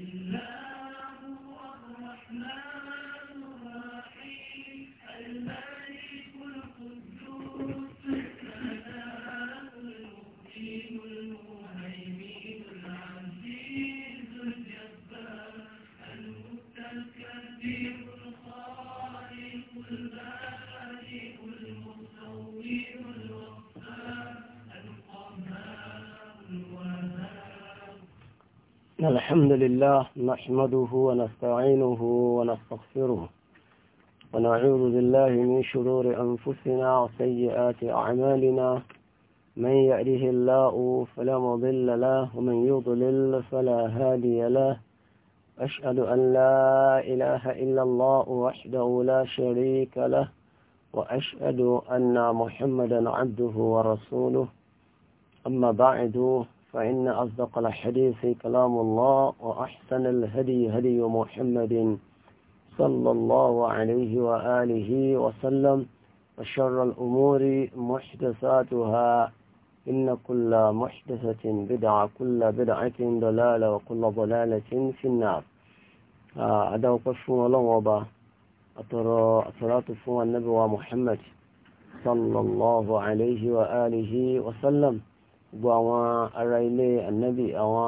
إلا هو الرحمن الحمد لله نحمده ونستعينه ونستغفره ونعوذ بالله من شرور أنفسنا وسيئات أعمالنا من يأله الله فلا مضل له ومن يضلل فلا هادي له أشهد أن لا إله إلا الله وحده لا شريك له وأشهد أن محمدا عبده ورسوله أما بعد فإن أصدق الحديث كلام الله وأحسن الهدي هدي محمد صلى الله عليه وآله وسلم وشر الأمور محدثاتها إن كل محدثة بدعة كل بدعة ضلالة وكل ضلالة في النار آه، أدعو قفوا الله وبا أترى صلاة النبي محمد صلى الله عليه وآله وسلم gbogbo àwọn ará ilé ànábì àwọn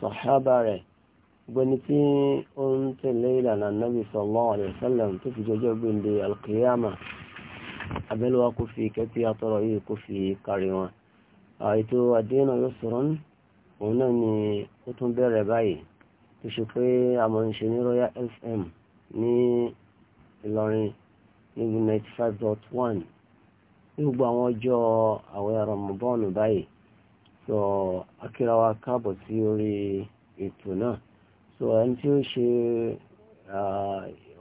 sàhábà rẹ̀ gbogbo ẹni tí ó ń tẹ̀lé ìlànà ànábì sallallahu alaihi wasallam tó fi jọjọ́ gbèǹde alkiyama abẹ́lẹ́wà kò fi kẹ́tí atọ́rọ̀ yìí kò fi kárí wọn. ètò àdéhùn yóò sọ̀rọ̀ ní òun náà ni ó tún bẹ̀rẹ̀ báyìí tó ṣe pé a ní Royal FM ní Ìlọrin ní ninety five dot one ní gbogbo àwọn ọjọ́ àwẹ̀ Ramadan báyìí. So akírawa káàbọ̀ sí orí ètò náà sọ ẹni tí ó ṣe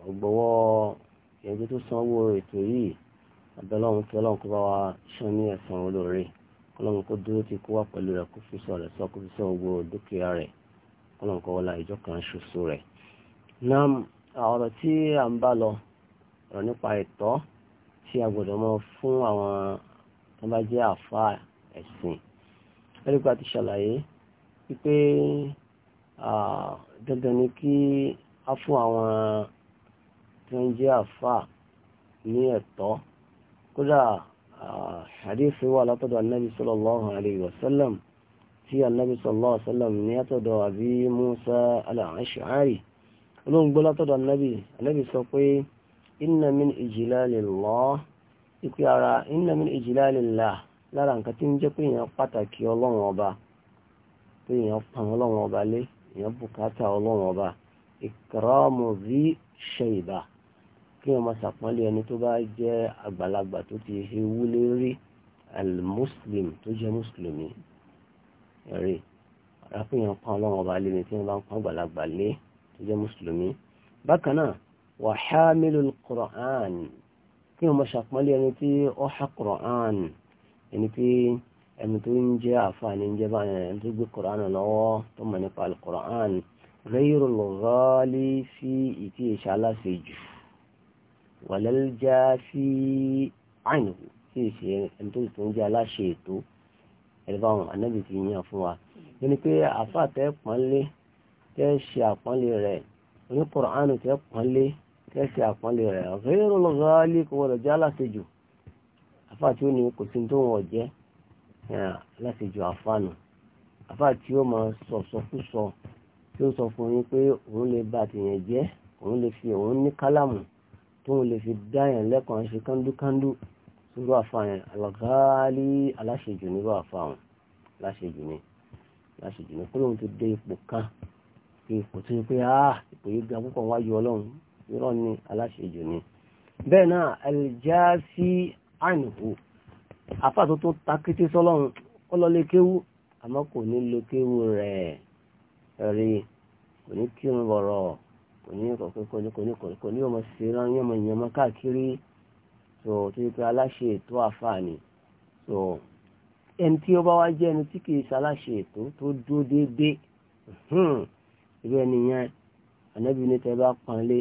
ọ̀gbọ̀wọ́ ẹgbẹ́ tó sanwó ètò yìí abẹ́lọ́run kí ọlọ́run kó bá wa ṣán ní ẹ̀san olóore ọlọ́run kó dúró ti kó wà pẹ̀lú rẹ̀ kó fi sọ rẹ̀ sọ kó fi sọ gbogbo dúkìá rẹ̀ ọlọ́run kó wọlá ìjọ kan ṣoṣo rẹ̀. náà ọ̀rọ̀ tí a ń bá lọ ọ̀rọ̀ nípa ẹ̀tọ́ tí a gbọ́dọ̀ mọ̀ fún àwọn tó bá jẹ́ àfa ẹ̀sìn ẹ̀ríkà ti ṣàlàyé wípé dandan ni kí a fún àwọn tí wọ́n jẹ́ àfà ní ẹ̀tọ́ kódà hadith wà látọ̀dọ̀ anábì sallallahu alayhi wa sallam tí anábì sallallahu alayhi wa sallam ní àtọ̀dọ̀ àbí Musa al-Ash'ari olóńgbó látọ̀dọ̀ anábì anábì sọ pé inna min ijlalillah ikú ara inna min ijlalillah lára nǹkan tí ń jẹ́ pé èèyàn pàtàkì ọlọ́run ọba pé èèyàn pan ọlọ́run ọba lé èèyàn bùkátà ọlọ́run ọba ìkàràmù rí ṣe ìbà kí wọ́n máa ṣàpọ́nlé ẹni tó bá jẹ́ àgbàlagbà tó ti ewu lérí almuslim tó jẹ́ mùsùlùmí ẹ̀rí ara pé èèyàn pan ọlọ́run ọba lé ni tí wọ́n bá ń pan àgbàlagbà lé tó jẹ́ mùsùlùmí bákan náà wàhálà mílò kùrọ̀án kí wọ́n máa ṣàpọ́nlé ẹni tí ó ẹni pé ẹni tó ń jẹ́ àfààní ń jẹ́ báyẹn ẹni tó gbé kùránù lọ́wọ́ tó mọ̀ nípa alukùránù rẹ́yìrò lọ́rọ́lì sí ìtì ìṣàlàsì jù wàlẹ́lẹ́já sí àìnù sí ìṣe ẹni tó tó ń jẹ́ aláṣẹ ètò ẹ̀rọ̀báwọn anábì ti yàn fún wa ẹni pé àfà tẹ́ ṣe àpọ́nlé rẹ̀ oní kùránù tẹ́ pọ́nlé tẹ́ ṣe àpọ́nlé rẹ̀ rẹ́yìrò lọ́rọ́lì kò wọ́n lọ aláṣẹ jù àfáà tí ó ní kò sí tó wọn jẹ́ láti ju àfáànù àfáà tí ó máa sọ̀sọkúsọ tí ó sọ fún yín pé òun lè ba tìyàn jẹ́ òun lè fi òun ní kálàmù tóun lè fi dáyàn lẹ́kọ̀ọ́ ṣe kándúkándú irú àfààyàn alágáálí aláṣejù nírú àfààyàn láṣejù ni láṣejù ni kúrò tó dé ipò kan ipò tó yẹ pé áà ah, ipò yìí ga púpọ̀ wájú ọlọ́run irọ́ ni aláṣejù ni. bẹ́ẹ̀ náà aljasi àìnìkú àfà tó tó ta kété sọ́lọ́run ó lọ lé kéwú àmọ́ kò ní lo kéwú rẹ̀ rí kò ní kírun bọ̀rọ̀ kò ní kọ̀kọ́ kò ní kò ní kò ní ọmọ sí rán yánmọ ìyànmọ káàkiri tó tó yẹ pé aláṣẹ ètò àfà ni tó ẹni tí ó bá wá jẹ́ ẹni tí kìí ṣaláṣẹ ètò tó dúró déédéé irú ẹni yẹn ànábì tẹ bá pọn lé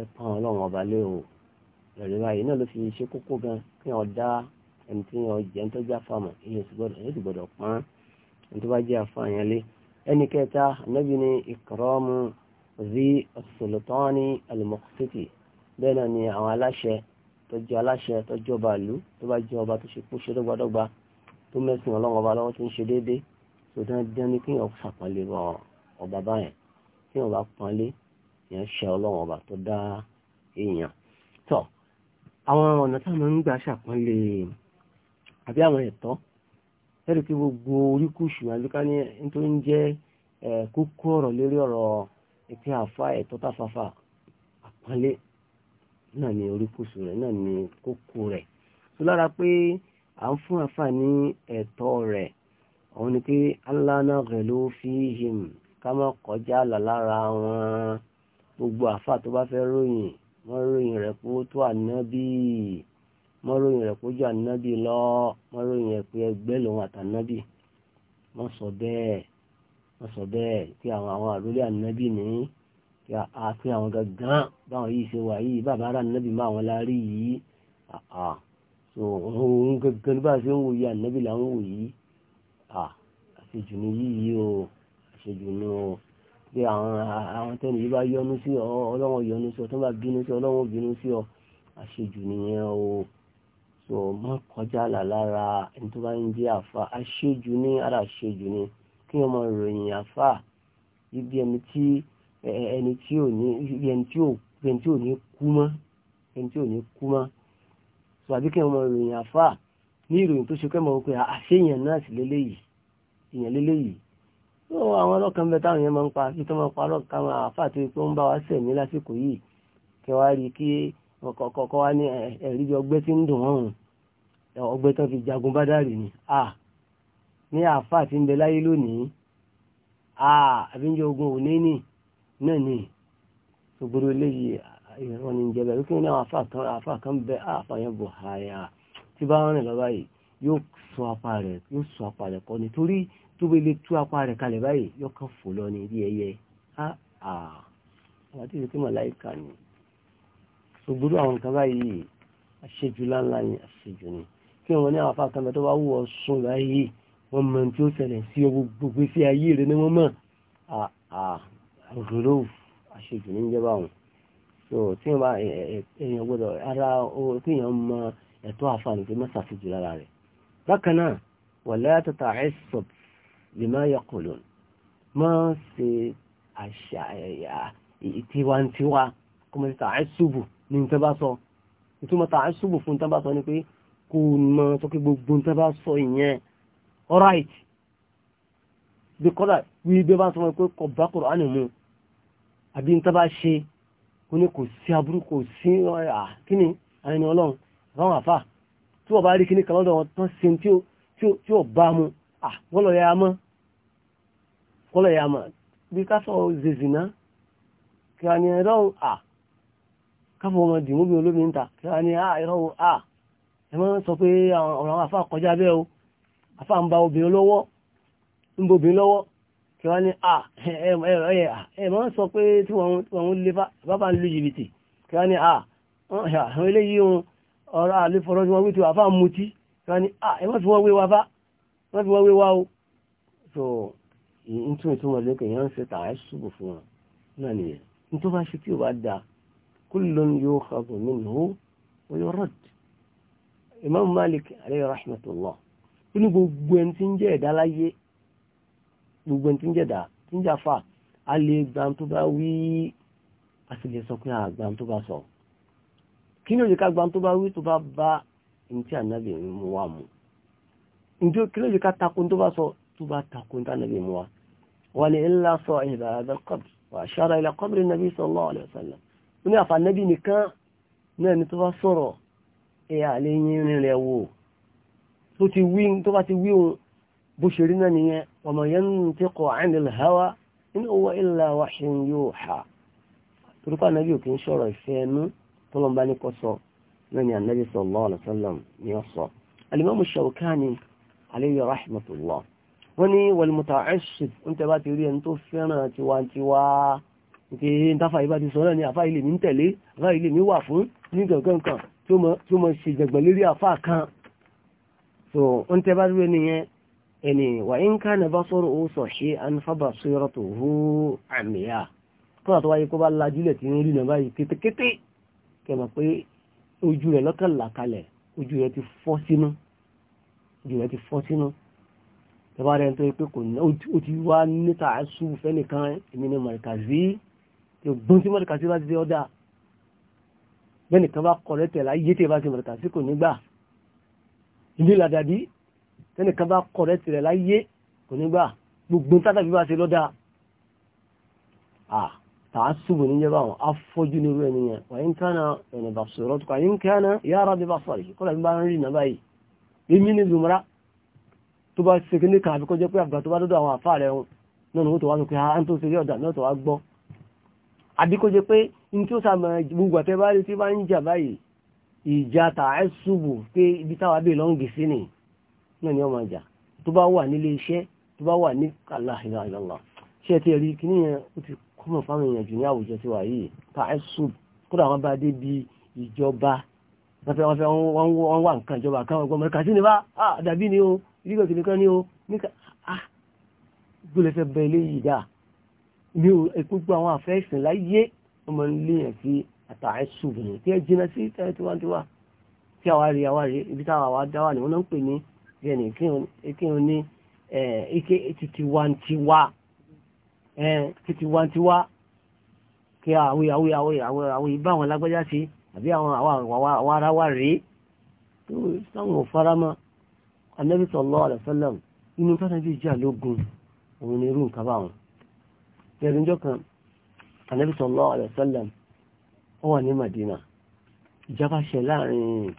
ẹ pọn ọlọ́run ọba lé o ẹ̀rọ ayé náà ló fi ṣe kókó gan kí wọ́n dá ẹni tí wọ́n jẹ́ ń tọ́jú àfàmọ̀ èyí sì gbọ́dọ̀ pọ́n ẹni tó bá jẹ́ àfàyàn lé ẹni kẹta anábì ní ìkọ̀rọ́mù rí sultani al-muqsiti bẹ́ẹ̀ náà ni àwọn aláṣẹ tọ́jú aláṣẹ tọ́jú ọba ìlú tó bá jẹ́ ọba tó ṣe kó ṣe dọ́gbadọ́gba tó mẹ́sìn tó ń ṣe àwọn ọ̀nà táwọn ń gbà ṣàpọ́nlé àbí àwọn ẹ̀tọ́ lẹ́rù kí gbogbo oríkùsù àbíká ní tó ń jẹ́ kókó ọ̀rọ̀ lórí ọ̀rọ̀ ìpín àfa ẹ̀tọ́ táfàfà àpọ́nlé náà ni oríkùsù rẹ̀ náà ni kókó rẹ̀ tó lára pé à ń fún àfa ní ẹ̀tọ́ rẹ̀ òun ni pé aláná rẹ̀ ló fi hìm ká má kọjá àlà lára wọn gbogbo àfa tó bá fẹ́ ròyìn wọ́n ròyìn rẹ̀ pé ó tó ànábì wọ́n ròyìn rẹ̀ pé ó jù ànábì lọ wọ́n ròyìn rẹ̀ pé ẹgbẹ́ lòun àtànábì wọ́n sọ bẹ́ẹ̀ wọ́n sọ bẹ́ẹ̀ pé àwọn àwọn àrólé ànábì ní pé àwọn gangan báwọn yìí ṣe wà yìí bàbá ànábì máa wọn lárí yìí àà so òun gangan bá a ṣe ń wòye ànábì là ń wòye àà àṣejù ni yìí o àṣejù ni o pé àwọn àwọn tẹ́lẹ̀ yìí bá yọnu sí ọ ọlọ́wọ́n yọnu sí ọ tó bá bínú sí ọ ọlọ́wọ́n bínú sí ọ àṣejù nìyẹn o so má kọjá là lára ẹni tó bá ń jẹ́ àfa àṣejù ní ara àṣejù ni kí wọ́n máa ròyìn àfa ibi ẹni tí ẹni tí ò ní ẹni tí ò ẹni tí ò ní kú mọ́ ẹni tí ò ní kú mọ́ so àbí kí wọ́n máa ròyìn àfa ní ìròyìn tó ṣe kẹ́ mọ̀ pé àṣeyàn náà sì lélẹ́yìí ìyàn lélẹ́yìí tó àwọn ọlọ́kan bẹ táwọn yẹn máa ń pa kí tó máa pa ọlọ́kan máa àfàtì pé ó ń bá wa sẹ̀mí lásìkò yìí kí wá rí kí ọkọ̀ọ̀kọ̀ wá ní ẹ̀rí bí ọgbẹ́ tí ń dùn ọ̀hún ọgbẹ́ tó fi jagun bá dárì ni a ní àfàtì ń bẹ láyé lónìí a àbíjẹ́ ogun òní nì náà nì gbogbo eléyìí ìrọ̀ ní ìjẹba wípé ní àwọn àfà kan bẹ àfàyàn Buhari tí bá rìn lọ báyìí yóò sọ apá rẹ̀ yóò sọ apá rẹ̀ kọ́ nítorí tó bẹ lè tú apá rẹ̀ kalẹ̀ báyìí yóò kàn fò lọ ní bí ẹyẹ àwọn àti ìsìnkú màláìka ni ṣùgbúrú àwọn nǹkan báyìí àṣejù láńlá ni àṣejù ni kí wọn ní àwọn afáàkàn bẹ tó bá wù ọ sùn láyé wọn mọ tí ó ṣẹlẹ̀ sí ọ gbogbo sí ayé rẹ ni wọn mọ àròrò àṣejù ní jẹba wọn so tí wọn bá èèyàn gbọ́dọ̀ ara tí èèyàn mọ ẹ̀tọ́ àfààní pé má ṣàṣejù lára rẹ bákan náà wala tata'assab bima yaqulun má ṣe àṣà ẹ̀yà tiwantiwa kó mọ̀ sí tààṣùbù ní nǹkan bá sọ ìtumọ̀ tààṣùbù fún nǹkan bá sọ ni pé kò mọ̀ sọ pé gbogbo nǹkan bá sọ ìyẹn all right bí kọ́lá wí bí bá sọ pé kò bá Kùránì mu àbí nǹkan bá ṣe kò ní kò sí aburú sí ọ̀yà kíni àyìn ọlọ́run àwọn àfà tí wọ́n bá rí kíní kan lọ́dọ̀ wọn tán ṣe tí ó bá mu wọ́n lọ yára mọ́ kọ́lọ̀ yà mà bí káfọ́ zèzìnà kí wọ́n ní ẹ̀rọ à káfọ́ ọmọ dìmú bí olómi ń ta kí wọ́n ní ẹ̀rọ à ẹ máa ń sọ pé ọ̀rọ̀ àwọn afá kọjá bẹ́ẹ̀ o afá ń ba obìnrin lọ́wọ́ ń bo obìnrin lọ́wọ́ kí wọ́n ní à ẹ máa ń sọ pé tí wọ́n lé bábá ń lu jìbìtì kí wọ́n ní à eléyìí ọ̀rọ̀ àlefọ̀rọ̀ tí wọ́n wí tí wọ́n afá mutí kí wọ́n ní à ẹ má fi wọ́n wé wa bá ń tún ìtumọ̀ lé kẹ̀yìn ń ṣe tàá ṣubú fún wọn náà nìyẹn ní tó bá ṣe tí ò bá da kullun yukhadhu minhu wa yurad imam malik alayhi rahmatullah ó ní gbogbo ẹni tí ń jẹ́ ẹ̀dá láyé gbogbo ẹni tí ń jẹ́ ẹ̀dá tí ń jàfà a lè gba tó bá wí a sì lè sọ pé a gba tó bá sọ kí ni òjìká gba tó bá wí tó bá bá ní tí ànábì wa mu ǹjẹ́ kí ni òjìká takun tó bá sọ tó bá takun tí ànábì mú wa ولإلا صاحب هذا القبر وأشار إلى قبر النبي صلى الله عليه وسلم ونعرف النبي نكان náà ni tó bá sọ̀rọ̀ ẹ̀yà lè yìnrìn rẹ̀ wò tó ti wí tó bá ti wí ohun bó ṣe rí náà nìyẹn ọmọ yẹn tí kọ àìnil hawa in huwa illa wahyun yuha torípa nàbí òkè ń sọ̀rọ̀ ìfẹ́ ẹnu tọ́lọ́mbá ní kọ́ sọ náà ni ànábì sallallahu alaihi wasallam ni ó sọ alimamu Shawkani alayhi rahmatullah wọ́n ní wọlmùtà ẹ̀ṣì ń tẹ́ bá ti rí ẹni tó fẹ́ràn tiwantiwa nke dáfà ìbá ti sọ náà ni àfá ilé mi ń tẹ̀lé àfá ilé mi wà fún ní gangan kan tí ó mọ ṣe jẹ̀gbẹ̀ lérí àfá kan so ń tẹ́ bá rí ẹni yẹn ẹni wà ń ká ní bá sọ̀rọ̀ ó sọ̀ ṣe anfàbà sọ̀rọ̀ tó hú àmìyà kọ́nà tó wáyé kó bá lajúlẹ̀ tẹ́bá rẹ̀ tó pé kò ní ó ti wá níta àṣù fẹ́nìkan èmi ní mọ̀rìkàzí tí ó gbọ́n sí mọ̀rìkàzí bá ti dé ọ́dà bẹ́nìkan bá kọ̀ rẹ̀ tẹ̀lá yé tẹ́ bá ti mọ̀rìkàzí kò nígbà ilé làdàbí tẹ́nìkan bá kọ̀ rẹ̀ tẹ̀lá yé kò nígbà gbogbo tátàbí bá ti lọ́dà tààsùbù ní jẹ́ báwọn afọ́jú ní irú ẹni yẹn wàyín kánà ẹ̀nà bàṣọ̀rọ̀ tó kàyín kánà yára bí bá bí bá ń rí tó bá ṣe kí ní kan àbíkọ́ jẹ́ pé àgbà tó bá dọ́dọ̀ àwọn àfáà rẹ̀ náà ó tó wá sọ pé a ah, ń tó ṣe rí ọ̀dà náà tó wá gbọ́ àbíkọ́ jẹ́ pé ní tí ó sàmọ̀ gbogbo àtẹ́ bá rí tí bá ń jà báyìí ìjà tààṣùbù pé ibi táwa bè lọ́ǹgì sí ni náà ni ọmọ ìjà tó bá wà nílé iṣẹ́ tó bá wà ní aláìláìlọ́lá ṣe ti rí kí ní yẹn ó ti kọ́mọ̀ fáwọn fẹ́ wọn wà nǹkan ìjọba káwọn ọgbọ́n mẹ́ka sí ni bá ah, dàbí ni ó ìdígbà tí nìkan ní o níka ah gbọ́dọ̀ fẹ́ bẹ ilé yìí dáa ní o gbogbo àwọn àfẹ́ ìsìn láyé ọmọ níléyàn sí àtàwọn ṣùgbọ́n ní tí ẹ jìnnà sí tiwantiwa tí àwa rí àwa rí ibi táwa wa dá wà ní wọn náà ń pè ní yẹn ní kíhun ní ike titiwantiwa titiwantiwa kí àwọn àwọn àwọn àwọn àwọn ìbá àwọn lágbájá sí àbí àwọn àwọn àwọn ara wa rèé tó sáwọn ò fara mọ́ anabi sallallahu alaihi wasallam inú tánàbí ìjà lógun òun ni irú nǹkan bá wọn bẹ̀rẹ̀ níjọ́ kan anabi sallallahu alaihi wasallam ó wà ní madina ìjábá ṣe láàrin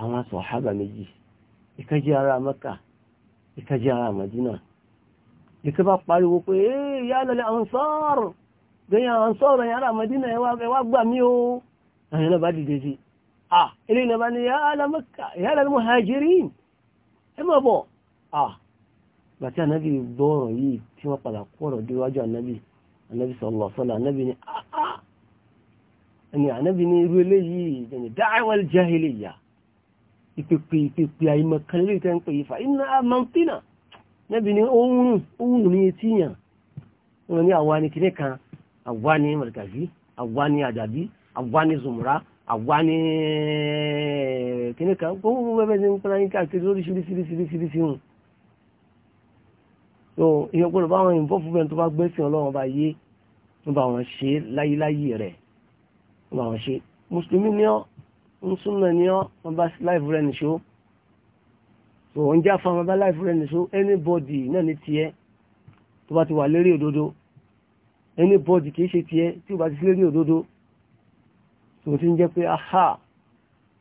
àwọn sọ̀hábà méjì ìkan jẹ́ ará mẹ́kà ìkan jẹ́ ará madina ìkan bá pariwo pé ya lal ansar gbẹ̀yà ansar ẹ̀yà ará madina ẹwà gbà mí o àwọn náà bá dìde sí ah ilé ìnàbá ni ya lal muhajirin ẹ mọ̀ bọ̀ ah gbàtí ànábì gbọ́ ọ̀rọ̀ yìí tí wọ́n padà kó ọ̀rọ̀ déwájú ànábì ànábì sallallahu alaihi wasallam ànábì ni ah ah ẹni ànábì ni irú eléyìí ẹni da'wal jahiliyya ìpèpè ìpèpè àìmọ̀kànlélẹ́ ìtẹ́ ń pè yìí fà iná mọ̀ntínà nẹ́bí ni ohun ní etí yàn wọn ni àwa ni kìnnìkan àwa ni mọ̀tàkì àwa ni àdàbí àwa ni zùmùrà àwa ní kíní kan gbogbo bẹ́ẹ̀ ti ń pẹ́lá yín káàkiri lóríṣiríṣiríṣiríṣi hùn so ìyẹn gbọ́dọ̀ báwọn ìbọn fún bẹ́ẹ̀ tó bá gbẹ́sìn ọlọ́run bá yé ń bá wọn ṣe láyéláyé rẹ̀ ń bá wọn ṣe mùsùlùmí ni ọ́ ńsúnmọ̀ ni ọ́ wọn bá láìfù rẹ̀ nìṣó so ń já fún bá láìfù rẹ̀ nìṣó anybody náà ní tiẹ̀ tó bá ti wà lérí òdodo anybody kì í ṣe tiẹ̀ tí ó bá ti sí lérí òdodo tó ti ń jẹ́ pé aha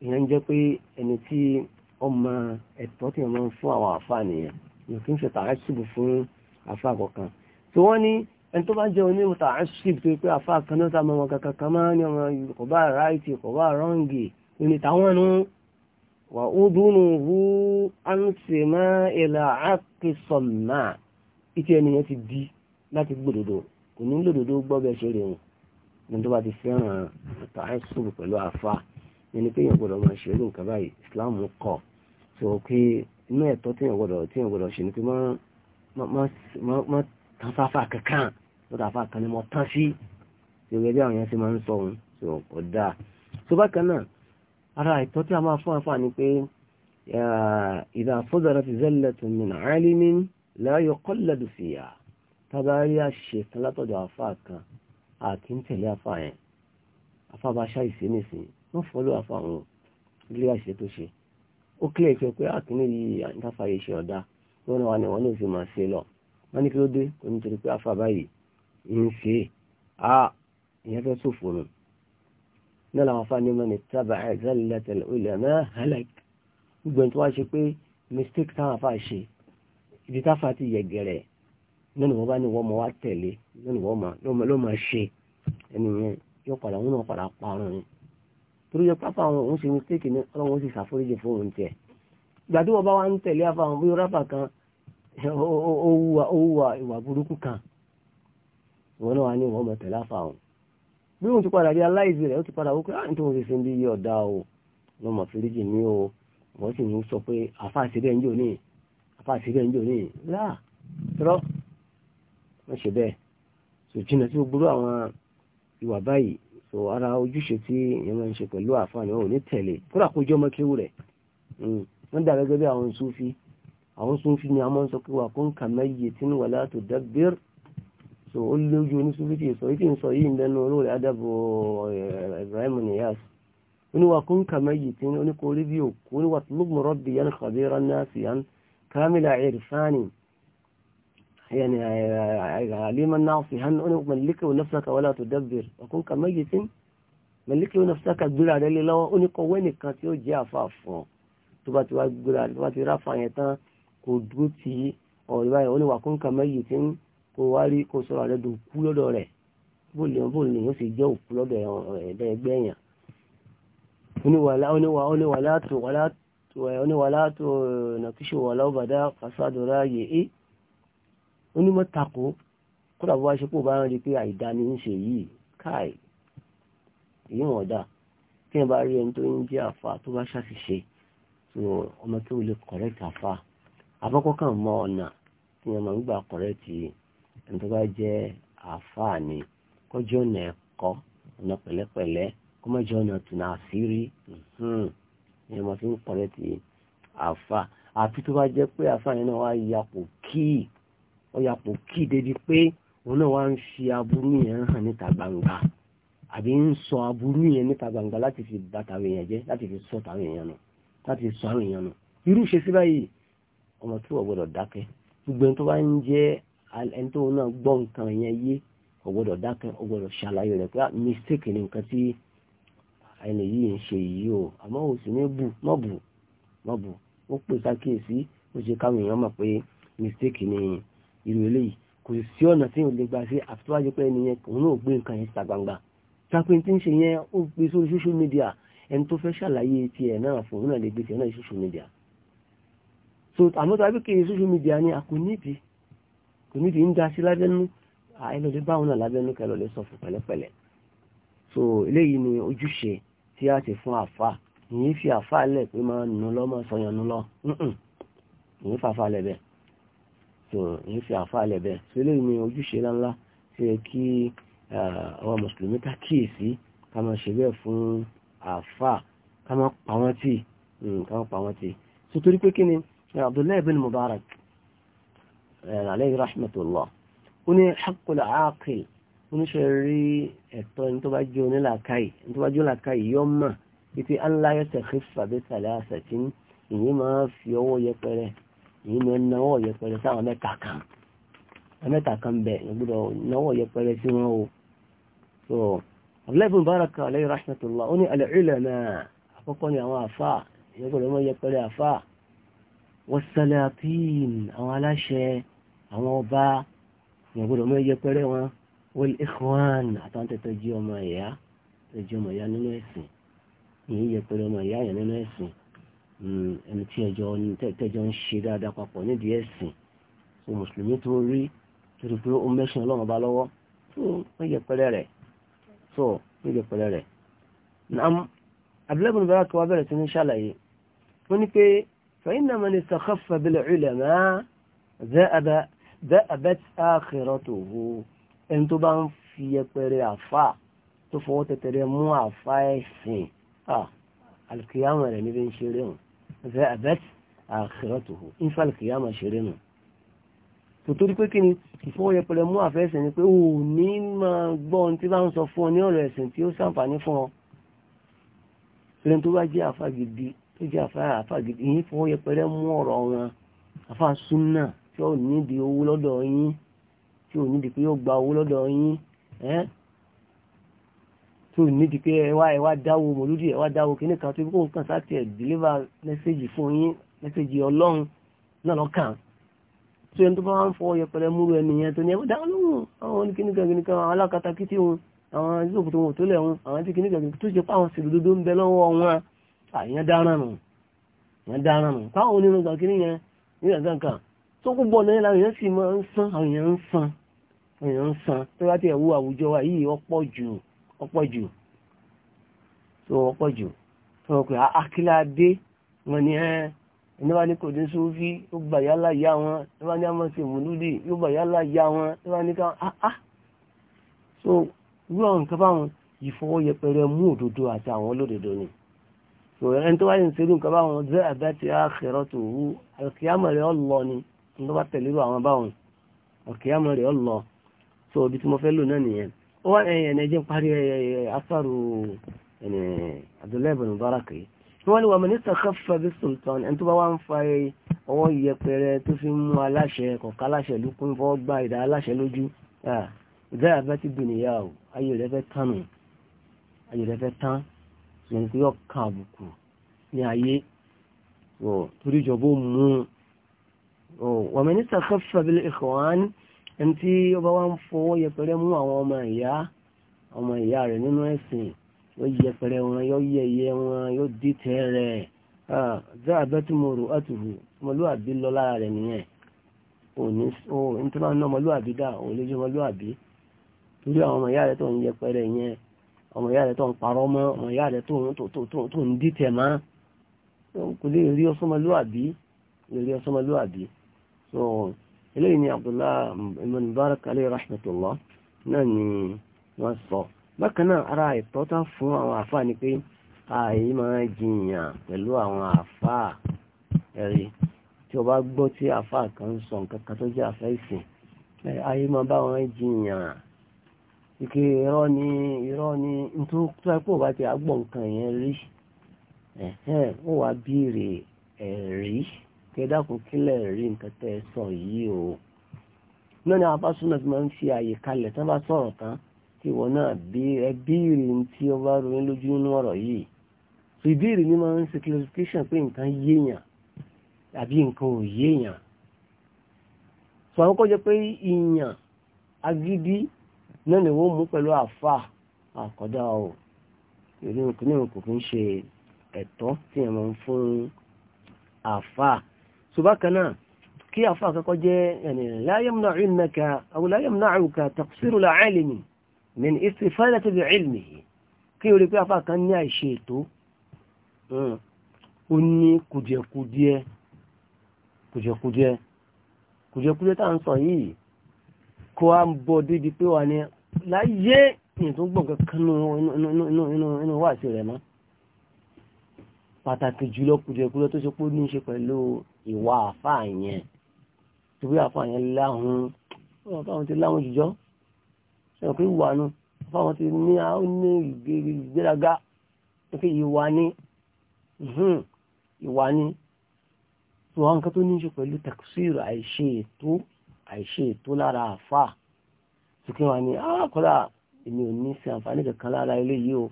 ìyẹn ń jẹ́ pé ẹni tí ọmọ ẹ̀tọ́ tí wọ́n máa ń fún àwọn àfa nìyẹn yóò kí ń ṣe tààṣìbù fún àfa kọ̀ọ̀kan tí wọ́n ní ẹni tó bá jẹ́ onímọ̀ tààṣìbù tó pé àfa kan náà sáà wọn kankan kan máa ń ní ọmọ kò bá ráìtì kò bá rọ́ǹgì ìní táwọn nù wà ó dúnú hu ánsì máa ìlà àkìsọ̀mà ìtì ẹnìyẹn ti di láti gbòdòdò kò ní lòdòdó gbọ́ bẹ́ẹ̀ ṣe rè wọn ní tó bá ti fẹ́ràn ọ̀tà ẹ̀sùn pẹ̀lú àfa ẹni pé èèyàn gbọ́dọ̀ máa ṣe irú nǹkan báyìí Islam kọ̀ so pé inú ẹ̀tọ́ tí èèyàn gbọ́dọ̀ tí èèyàn gbọ́dọ̀ ṣe ni pé má tán sáfà kankan lọ́dà àfa kan ni mo tán sí ìrẹ́ bí àwọn yẹn ṣe máa ń sọ òun so kò dáa so bákan náà ara ẹ̀tọ́ tí a máa fún àfa ni pé ìdá fọ́dọ̀rọ̀ ti zẹ́lẹ̀ tó ní àárín ní láyọ̀ kọ́lẹ̀dù àti ń tẹ̀lé afa yẹn afa bá ṣá ìṣe nìsín wọ́n fọ́lọ́ afa wọn ilé àṣẹ tó ṣe ó kílẹ̀ ìṣe pé àkíní yìí àǹtàfà yìí ṣe ọ̀dà wọn wà ní wọn náà fi máa ṣe lọ wọn ní kí ló dé kò ní torí pé afa báyìí ń ṣe é a ìyẹn fẹ́ sòfò nù náà làwọn afa ní mẹ́ni tábà ẹ̀zẹ́lẹ́tẹ̀lẹ́ olè náà hẹ́lẹ́k gbogbo ẹni tó wá ṣe pé mistake táwọn afa ṣe ibi táfa ti yẹ gẹ̀rẹ̀ lónìí wọ́n bá ní wọ́n mọ̀ wá tẹ̀lé lónìí wọ́n mọ̀ ló máa ṣe ẹni yẹn yóò padà wọn náà padà parun ni torí yẹ pápá àwọn òun ṣe mistake ní ọlọ́run sì ṣàforíjì fún òun tiẹ̀ ìgbà tí wọ́n bá wá ń tẹ̀lé afa bí rábà kan ó wúwa ìwà burúkú kan ìwọ náà wà ní ìwọ ọmọ tẹ̀lé afa bí òun ti padà rí aláìsí rẹ̀ ó ti padà wọ́pẹ́ àǹtí òun ṣe ṣe bí yí ọ̀dà o lọ́mọ fìríjì ní o wọ́n sì ń sọ pé àfa àṣírí ń jò ní àfa àṣírí ń jò ní láà tọ́lọ́ wọ́n ṣe bẹ́ẹ̀ so jìnnà tí gbogbo àwọn ìwà báyìí so ara ojúṣe tí èèyàn máa ń ṣe pẹ̀lú àfààní wọn ò ní tẹ̀lé kódà kó jẹ́ ọmọ kéwù rẹ̀ hmm. wọ́n dà gẹ́gẹ́ bí àwọn sufi àwọn sufi ni a máa ń sọ pé wà kó ń kà mẹ́yẹ tí wà látò dágbér so ó lójú onísufi tí sọ yìí tí ń sọ yìí ń lẹ́nu olóòrè adábọ̀ eh, Ibrahim Niyas oníwà kó ń kà mẹ́yẹ tí oníkórí bí òkú oníwà tó lóògùn rọ́bì yẹn يعني عليما ناصحا من لك نفسك ولا تدبر وكن كميت من لك نفسك gbéra rẹ lé lọ́wọ́ ó ní kọ wẹ́ nìkan tí ó jẹ́ àfa fún ọ tó bá ti wá gbéra rẹ tó bá ti ráfa yẹn tán kò dúró tí ọ̀rẹ́ báyìí ó ní wà kún kàmẹ́yì tí ń kó wá rí kó sọ̀rọ̀ rẹ dùn kú lọ́dọ̀ rẹ̀ bó lè bó lè yóò sì jẹ́ òkú lọ́dọ̀ ẹ̀dẹ́ ẹgbẹ́ yẹn. oníwàlá tó nàkíṣe wàlá ọ̀bàdà fàṣàdúrà yìí onímọ̀ takò kódà bó wá ṣe pò bá ń rí pé àìdá ni ń ṣe yìí káì èyí wọn dà kí ẹ bá rí ẹni tó ń jẹ́ àfa tó bá ṣàṣìṣe tó ọmọ tó lè kọ̀rẹ́tì àfa àkọ́kọ́ kàn mọ ọ̀nà tí ẹ máa ń gbà kọ̀rẹ́tì ẹni tó bá jẹ́ àfa ni kọjọ́ ọ̀nà ẹ̀kọ́ ọ̀nà pẹ̀lẹ́pẹ̀lẹ́ kọmọjọ ọ̀nà tún àṣírí ẹ hmm. máa fi ń kọ̀rẹ́tì àfa àfi tó bá jẹ́ pé àfa yẹn náà wá yapò kíì ó yàpò kí débi pé òun náà wá ń fi aburú yẹn hàn níta gbangba àbí ń sọ aburú yẹn níta gbangba láti fi bà tàwọn èèyàn jẹ́ láti fi sọ tàwọn èèyàn nù láti fi sọ àwọn èèyàn nù irú ṣe sí báyìí ọmọ tí wọ́n gbọ́dọ̀ dákẹ́ gbogbo ẹni tó bá ń jẹ́ ẹni tó náà gbọ́ nǹkan yẹn yé ó gbọ́dọ̀ dákẹ́ ṣàlàyé rẹ̀ pé ah, mistake ni nǹkan tí ẹni yìí ń ṣe yìí o àmọ́ o sì ní bù mọ́ bù mọ́ bù ó pè sákèésí ó ṣe káwọn èèyàn mọ̀ pé mistake ni irú eléyìí kò sí ọ̀nà tí ò lè gbà sí àfitúwájú pé ẹni yẹn òun náà gbé nǹkan yẹn síta gbangba tapin tí ń ṣe yẹn ó gbé sórí social media ẹni tó fẹ́ ṣàlàyé tiẹ̀ náà fún òun náà lè gbé tiẹ̀ náà social media so àmọ́ tàbí kí social media ni a kò níbi kò níbi ń da sí lábẹ́nú ẹlọ́dẹ báwọn náà lábẹ́nú kẹlọ́ lè sọ fún pẹ̀lẹ́pẹ̀lẹ́ so eléyìí ni ojúṣe tí a ti fún àfa ìyẹn fi àfa lẹ̀ pé máa nù lọ́ máa sọyàn nù lọ ìyẹn fàfa lẹ̀ bẹ́ẹ̀ tó ń fi àfàlẹ̀ bẹ́ẹ̀ tó lè ní ojúṣe ńláńlá tó yẹ kí àwọn mùsùlùmí ká kíyèsí ká máa ṣe bẹ́ẹ̀ fún àfà ká máa pa wọ́n tì ká máa pa wọ́n tì tó torí pé kí ni Abdullahi bin Mubarak alayhi rahmatullah ó ní haqqul aqil ó ní ṣe rí ẹ̀tọ́ ní tó bá jẹ́ onílàkàyè ní tó bá jẹ́ onílàkàyè yọ́ mọ̀ wípé an ìyẹn máa fi ọwọ́ yẹpẹrẹ èyí ni ẹnáwó yẹpẹrẹ sáwọn mẹ́ta kan mẹ́ta kan bẹ̀ gbọ́dọ̀ náwó yẹpẹrẹ sí wọn o so abúlẹ́bùn báraka alayhi rahmatullah ó ní al-ulama àkọ́kọ́ ni àwọn àfà èyí gbọ́dọ̀ mọ́ yẹpẹrẹ àfà wọ́n salatin àwọn aláṣẹ àwọn ọba èyí gbọ́dọ̀ mọ́ yẹpẹrẹ wọn wal ikhwan àtàwọn tẹ̀tẹ̀ jí ọmọ ẹni tí ẹjọ́ tẹ́jọ́ ń ṣe dáadáa papọ̀ nídìí ẹ̀sìn so mùsùlùmí tó rí torí pé ó mẹ́sìn ọlọ́run ọba lọ́wọ́ so wọ́n yẹ pẹ́lẹ́ rẹ̀ so wọ́n yẹ pẹ́lẹ́ rẹ̀ abúlẹ́gùn bẹ́rẹ̀ tó wá bẹ̀rẹ̀ sí ní ṣàlàyé wọ́n ní pé fẹ́yìnà mọ́ ni sàkọ́fà bílẹ̀ ìlẹ̀ máa zẹ́ abẹ́t àkẹrọ tó hù ẹni tó bá ń fi yẹpẹrẹ àfà tó fọwọ́ tẹ̀tẹ̀rẹ̀ mú àfà ẹ̀sìn alùkìyàmọ̀ ah, rẹ̀ níbi ń zabat akhiratuhu ifal kìyàmà ṣeré nù kò torí pé kí ni ìfọwọ́ yẹpẹrẹ mú àfẹ́sẹ̀ ni pé ò ní máa gbọ́ ohun tí bá ń sọ fún ọ ní ọ̀rọ̀ ẹ̀sìn tí ó ṣàǹfààní fún ọ lẹ́nu tó bá jẹ́ àfàgidi tó jẹ́ àfàgidi yìí fọwọ́ yẹpẹrẹ mú ọ̀rọ̀ wọn àfa súnà tí ó nídìí owó lọ́dọ̀ yín tí ò nídìí pé yóò gba owó lọ́dọ̀ yín tó nídìí pé ẹ wá ẹ wá dáwó mòlúdì ẹ wá dáwó kíní kan tó kó nǹkan sáà tiẹ̀ deliver mẹ́sẹ̀gì fún yín mẹ́sẹ̀gì ọlọ́run náà lọ́kàn tó yẹn tó bá ń fọ yẹpẹrẹ múru ẹnìyẹn tó ní ẹgbẹ́ dáhùn lóhùn àwọn oníkíníkan kíníkan àwọn alákatakítí wọn àwọn ìṣòkò tó wọ̀ tó lẹ̀ wọn àwọn tí kíníkan kíníkan tó ṣe pé àwọn sèlúdodo ń bẹ lọ́wọ́ wọn àyẹn dáràn nù yẹn dáràn nù káwọn onírúurú kíní yẹn ní ìdàgbàkan tó kú bọ̀ lẹ́yìn láwọn èèyàn sì máa ń san àwọn èèyàn ń san àwọn èèyàn ń san tó bá tiẹ̀ wú àwùjọ wa yìí ọ̀pọ̀ jù ọ̀pọ̀ jù tó ọ̀pọ̀ jù tó ah, ah, wọ́n pè wọn ni ẹ́ níwá ní kò dé sófí ó gbà yálà yá wọn níwá ní àmọ́ sí ìmúlúdì yóò gbà yálà yá wọn níwá ní káwọn áá ah, so wíwọ nǹkan báwọn ìfọwọ́ yẹpẹrẹ mú òdodo àti àwọn olódodo ni so ẹni tó wáyé ń serú nǹkan báwọn zẹ́ àbẹ́tì àkẹrọ tó wú àkíyàmọ̀ ọlọ ni ní tó bá tẹ̀lérò àwọn báwọn àkíyàmọ̀ rẹ̀ ọlọ so ibi tí mo fẹ́ lò náà nìyẹn wọ́n eh, ẹ̀yẹn ẹ̀jẹ̀ ń parí eh, eh, afárò Abdullahi ibn Mubarak yìí wọ́n ní wà mínísítà kẹfà bí sultan ẹni tó bá wà ń fa ọwọ́ yẹpẹrẹ tó fi mú aláṣẹ kọ̀ọ̀ká aláṣẹ lókun fọ́ gba ìdá aláṣẹ lójú ìdá àbẹ́ ti bì níyà ayé rẹ̀ fẹ́ tán ayé rẹ̀ fẹ́ tán lẹ́yìn pé yọ ká àbùkù ní ayé torí ìjọba ó mú un wà mínísítà bí ikhwan ẹni tí ó bá wá ń fọwọ́ yẹpẹrẹ mú àwọn ọmọ ìyá ọmọ ìyá rẹ̀ nínú ẹ̀sìn yóò yẹpẹrẹ wọn yóò yẹyẹ wọn yóò dìtẹ̀ rẹ̀ ṣé àbẹ́tùmọ̀rò àtùrù ọmọlúwàbí lọ lára rẹ̀ nìyẹn òní ó nítorí àwọn ọmọlúwàbí dà òun lójú ọmọlúwàbí torí àwọn ọmọ ìyá rẹ̀ tó ń yẹpẹrẹ yẹn ọmọ ìyá rẹ̀ tó ń parọ́ mọ́ ọmọ ìyá rẹ̀ tó ń dìtẹ̀ mọ́ kò lè rí ọsọmọlúwàbí lè rí ọsọmọlúwàbí so eléyìí ni abdullah ibn mubarak alayhi rahmatullah náà ni wọ́n sọ bákan náà ara ìtọ́ta fún àwọn àfáà ni pé ààyè máa jiyàn pẹ̀lú àwọn àfáà ẹ̀rí tí o bá gbọ́ tí àfáà kan sọ nǹkan kan tó jẹ́ àfáà ìsìn ààyè máa bá wọn jiyàn ike irọ́ ni irọ́ ni nítorí pé ò bá ti àgbọ̀ nǹkan yẹn rí ẹ̀hẹ́n ó wàá bí rè ẹ̀rí kẹ́dà kò kílẹ̀ rí nǹkan tẹ́ ẹ sọ yìí o náà ni afásúná ti máa ń fi àyè kalẹ̀ tán bá sọ̀rọ̀ tán tí ìwọ náà bí ẹbíìrì tí ó bá ronú lójú nínú ọ̀rọ̀ yìí so ìbéèrè ni máa ń ṣe clarification pé nǹkan yéèyàn àbí nǹkan ò yéèyàn so àwọn kọjá pé ìyàn agídí náà ni wọ́n mú pẹ̀lú àfà àkọ́dá o ìrìn òkú ní òkú kì í ṣe ẹ̀tọ́ tí ẹ̀ máa ń fún àfà. سباكنا كي أفاك قد يعني لا يمنعنك أو لا يمنعك تقصير العالم من استفادة بعلمه كي يقول لك أفاك أني أني كجي كجي كجي كجي kùjẹ kúrẹ́ tàà ń sọ yìí kó a ń bọ́ débi pé wà ní láyé ní tó gbọ́n kankan nínú wà sí rẹ̀ mọ́ pàtàkì jùlọ kùjẹ tó ṣe pé ní ṣe pẹ̀lú ìwà àfáà yẹn torí àfáà yẹn láhùn wọn fáwọn ti láhùn jùjọ sọ pé ìwà nu fáwọn ti ní àwọn ìgbéraga pé ìwà ni ìwà ni tó wọn kan tó ní ṣe pẹ̀lú taksir àìṣe ètò àìṣe ètò lára àfáà tó kí wọn ni àkọlà èmi ò ní sí àǹfààní kankan lára eléyìí o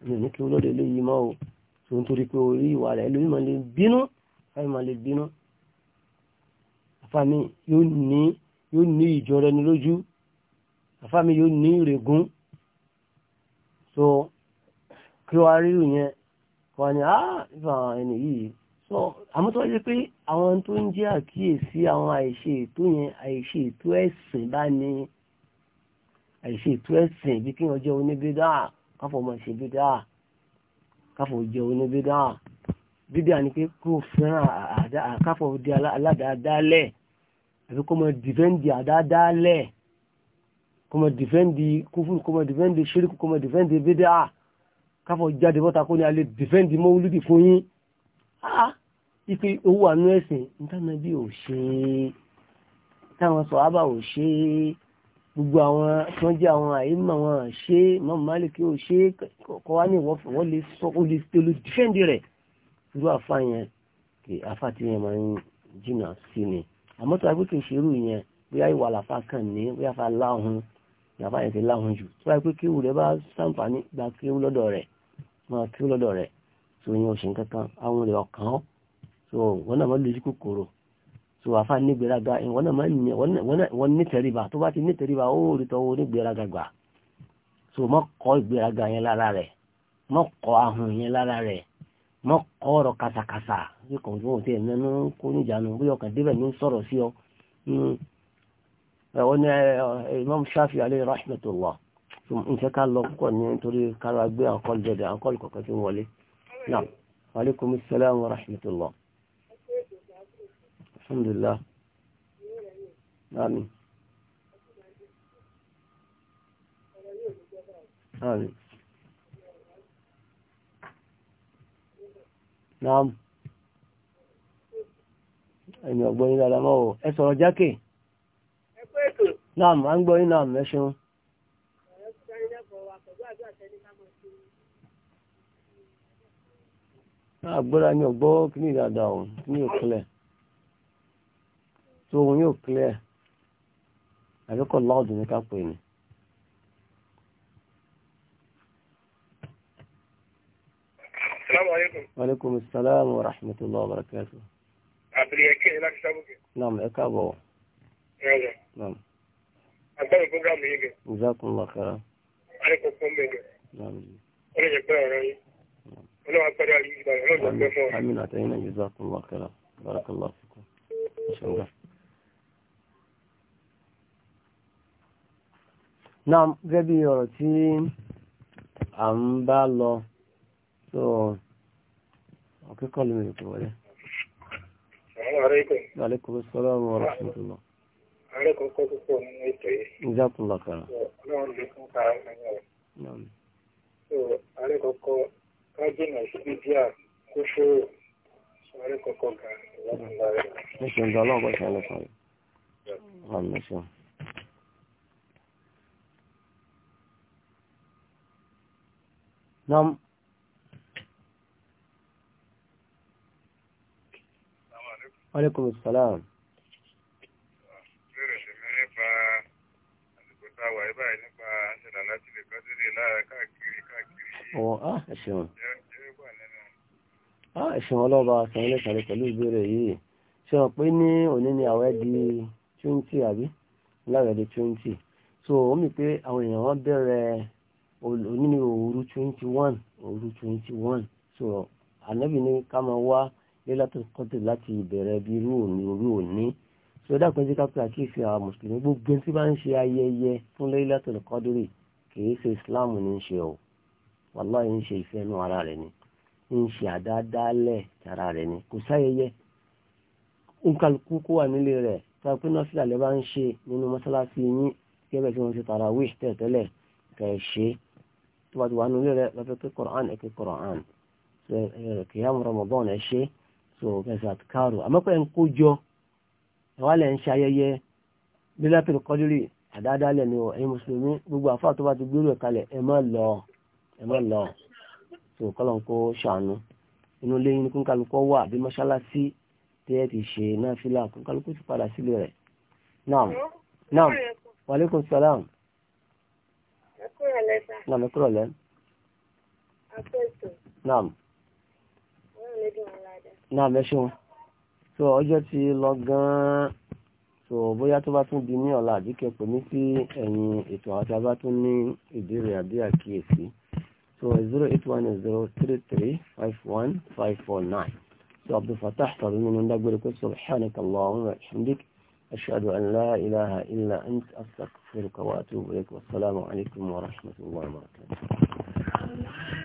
èmi ò ní kí olóde eléyìí mọ́ o tó ń torí pé orí ìwà rẹ̀ lóyún mọ́ lè bínú ẹ̀ máa lè bínú àfàmì yóò ní ìjọ rẹ ní lójú àfàmì yóò ní ìrègún so kí wá rí ìyẹn wà ní ah, àbá ẹni yìí so àmọ́ tó pé àwọn tó ń jẹ́ àkíyèsí àwọn àìṣe ètò yẹn àìṣe ètò ẹ̀sìn bá ní àìṣe ètò ẹ̀sìn bí kí wọ́n jẹ́ oníbídà káfọ́ máa ṣe bídà káfọ́ jẹ́ oníbídà bíbí àní pé kó fẹ́ràn àkáfọ̀ di aládàádálẹ̀ àbí kó mọ dìfẹ́ǹdì àdáadáalẹ̀ kó mọ dìfẹ́ǹdì kúfù kó mọ dìfẹ́ǹdì ṣíríkù kó mọ dìfẹ́ǹdì bídà káfọ̀ jáde bọ́ta kó ní alẹ́ dìfẹ́ǹdì mọ́wúlùdì fún yín ah, ipe owó àánú ẹ̀sìn nítànà bí ò ṣe táwọn sọ ábà ò ṣe gbogbo àwọn tí wọ́n jẹ́ àwọn àìmọ̀ wọn ṣe mọ́mọ́ Málíkì ò ṣe kọ́ wá ní ìwọ́fọ̀ wọ́n lè sọ ó lè dìfẹ́ǹdì rẹ̀ irú àfa yẹn kì àfa tí yẹn máa ń jìnnà sí ni àmọ́ tó àgbẹ̀ kì í ṣe irú yẹn bóyá ìwà làfa kàn ní bóyá àfa láhùn ìyàfa yẹn ti láhùn jù tó àgbẹ̀ kéwù rẹ bá sàǹfààní gba kéwù lọ́dọ̀ rẹ̀ máa kéwù lọ́dọ̀ rẹ̀ tó yẹn òṣèǹ kankan àwọn olè ọ̀kàn ọ́ tó wọn náà máa lójú kòkòrò tó àfa nígbèrágà wọn náà máa wọn nítẹríba tó bá ti nítẹríba ó rí tọ́wọ́ nígbèrágà gbà so mọ́ kọ́ ìgbéraga yẹn lára rẹ̀ mọ́ kọ́ ahùn yẹn lára rẹ̀ mọ́ kọ́rọ̀ kàṣàkàṣà bí kò tó tẹ̀ nínú kó níjànú bí ọkàn débẹ̀ ní sọ̀rọ̀ sí ọ. ẹ̀wọ́n ní Imam Shafi alayhi rahmatullah nfẹ́ ká lọ púpọ̀ ní nítorí kára gbé àkọlù jẹ̀dẹ̀ àkọlù kọ̀ọ̀kan tí ń wọlé. naam aleykum salaam wa rahmatullah. alhamdulilah. amin. amin. naam ẹni ọ̀gbọ́n yín dáadáa mọ́ ò ẹ sọ̀rọ̀ jákè naam à ń gbọ́ yín naam ẹ ṣeun. àgbọ́dá ni ọ̀gbọ́ kíní dáadáa ò kíní ò clear tó òun yóò clear àbíkọ̀ láòdù ní ká pè ní. asalaamualeykum. maaleykum salaam wa rahmatulah wa barakatu. àbílẹ̀kẹ́ láti sábùkẹ́. naam ẹ káàbọ̀. ẹ̀rọ. naam. agbára programu yìí gẹ̀. jazakumullah khairan. aleko kọ́mbẹ̀ gẹ̀. naam. ọlọ́jà gbẹ́ ọ̀rọ̀ yìí. ọlọ́wà gbẹ́dọ̀ àlejò ìbàdàn ọlọ́jà gbẹ́ fún ọ. amina àtẹ̀yìn náà jazakumullah khairan. barakallahu fikum. naam gẹ́gẹ́ bí ọ̀rọ̀ tí à ń bá lọ so akẹ́kọ̀ọ́ ló ń rìn wọlé. Aleykum salaam wa rahmatulah. Aleykum kọ́ púpọ̀ nínú ètò yìí. Ìjákùnlá kara. Ọlọ́run lè fún kara nínú rẹ̀. Aleykum kọ́ kájínà síbi díà kó ṣòro. Aleykum kọ́ gan. Ní ṣe ń gba ọlọ́run pẹ̀lú ẹ̀lẹ́ kan rẹ̀. Àmì ṣe. Nam. aleykum salaam. bẹ́ẹ̀rẹ̀ tèmi nípa àsìkò tá a wà yí báyìí nípa ṣẹlẹ láti lè kọjú lè lára káàkiri káàkiri yìí. ọ á ẹsẹ̀wọ̀n. á ẹsẹ̀wọ̀n ọlọ́ba sàn pẹ̀lú ìbéèrè yìí ṣe hàn ní òní ni àwẹ̀ di 20, àbí láwẹ̀ di twenty so ó mì pé àwọn èèyàn wọn bẹ̀rẹ̀ òní ni òru twenty one òru twenty one so ànábì ní ká máa wá. Lailatul Qadr láti ìbẹ̀rẹ̀ bí irú òní orí òní so ẹ̀dá kan sí kápẹ́ àkíyèsí àwọn mùsùlùmí gbogbo tí bá ń ṣe ayẹyẹ fún Lailatul Qadr kìí ṣe Islam ní í ṣe o wàláhì ń ṣe ìfẹ́ inú ara rẹ̀ ni ń ṣe àdáadáalẹ̀ ara rẹ̀ ni kò sáyẹyẹ nkàlùkù kó wà nílé rẹ̀ sáà pé nọ́ọ̀sìlà lẹ́ bá ń ṣe nínú mọ́sálásí yín gẹ́gẹ́ bí wọ́n ṣe tarawih tẹ̀tẹ́lẹ̀ kẹ̀ ṣe tó bá ti wà nílé rẹ̀ lọ́fẹ́ pé Qur'an ẹ̀ pé Qur'an kìyàmù Ramadan ẹ̀ ṣe so kẹsàn àtikárò àmọ́pẹ́ ń kó jọ ẹ̀wá lẹ̀ ń ṣe ayẹyẹ lílẹ́pẹ̀lú kọ́dírì àdáadáalẹ̀ ni ẹ̀yin mùsùlùmí gbogbo àfà tó bá ti gbérù ẹ̀ kalẹ̀ ẹ má lọ ẹ má lọ so kọ́lọ̀ ń kó ṣàánú inú ilé yín kúńkálukọ́ wà bí mọ́ṣáláṣí tẹ́ ẹ ti ṣe náà fílà kúńkálukú ti padà sílé rẹ̀ naam naam wàlékún sàlám. ẹ̀kúrọ̀lẹ́ sá. naam ẹ̀kúrọ̀lẹ́ náà mẹ́ṣẹ́wọ̀n so ọjọ́ ti lọ gan-an so bóyá tó bá tún di ní ọ̀la àdíkẹ́ pè mí sí ẹ̀yìn ètò àwọn tí tún ní ìbéèrè àbí àkíyèsí so zero eight one zero three three five one five four nine so abdulfatah sọ̀rọ̀ nínú dágbére pé subhanaka allahumma wa bihamdik ashhadu an la ilaha illa anta astaghfiruka wa atubu ilayk wassalamu alaykum wa rahmatullahi wa barakatuh.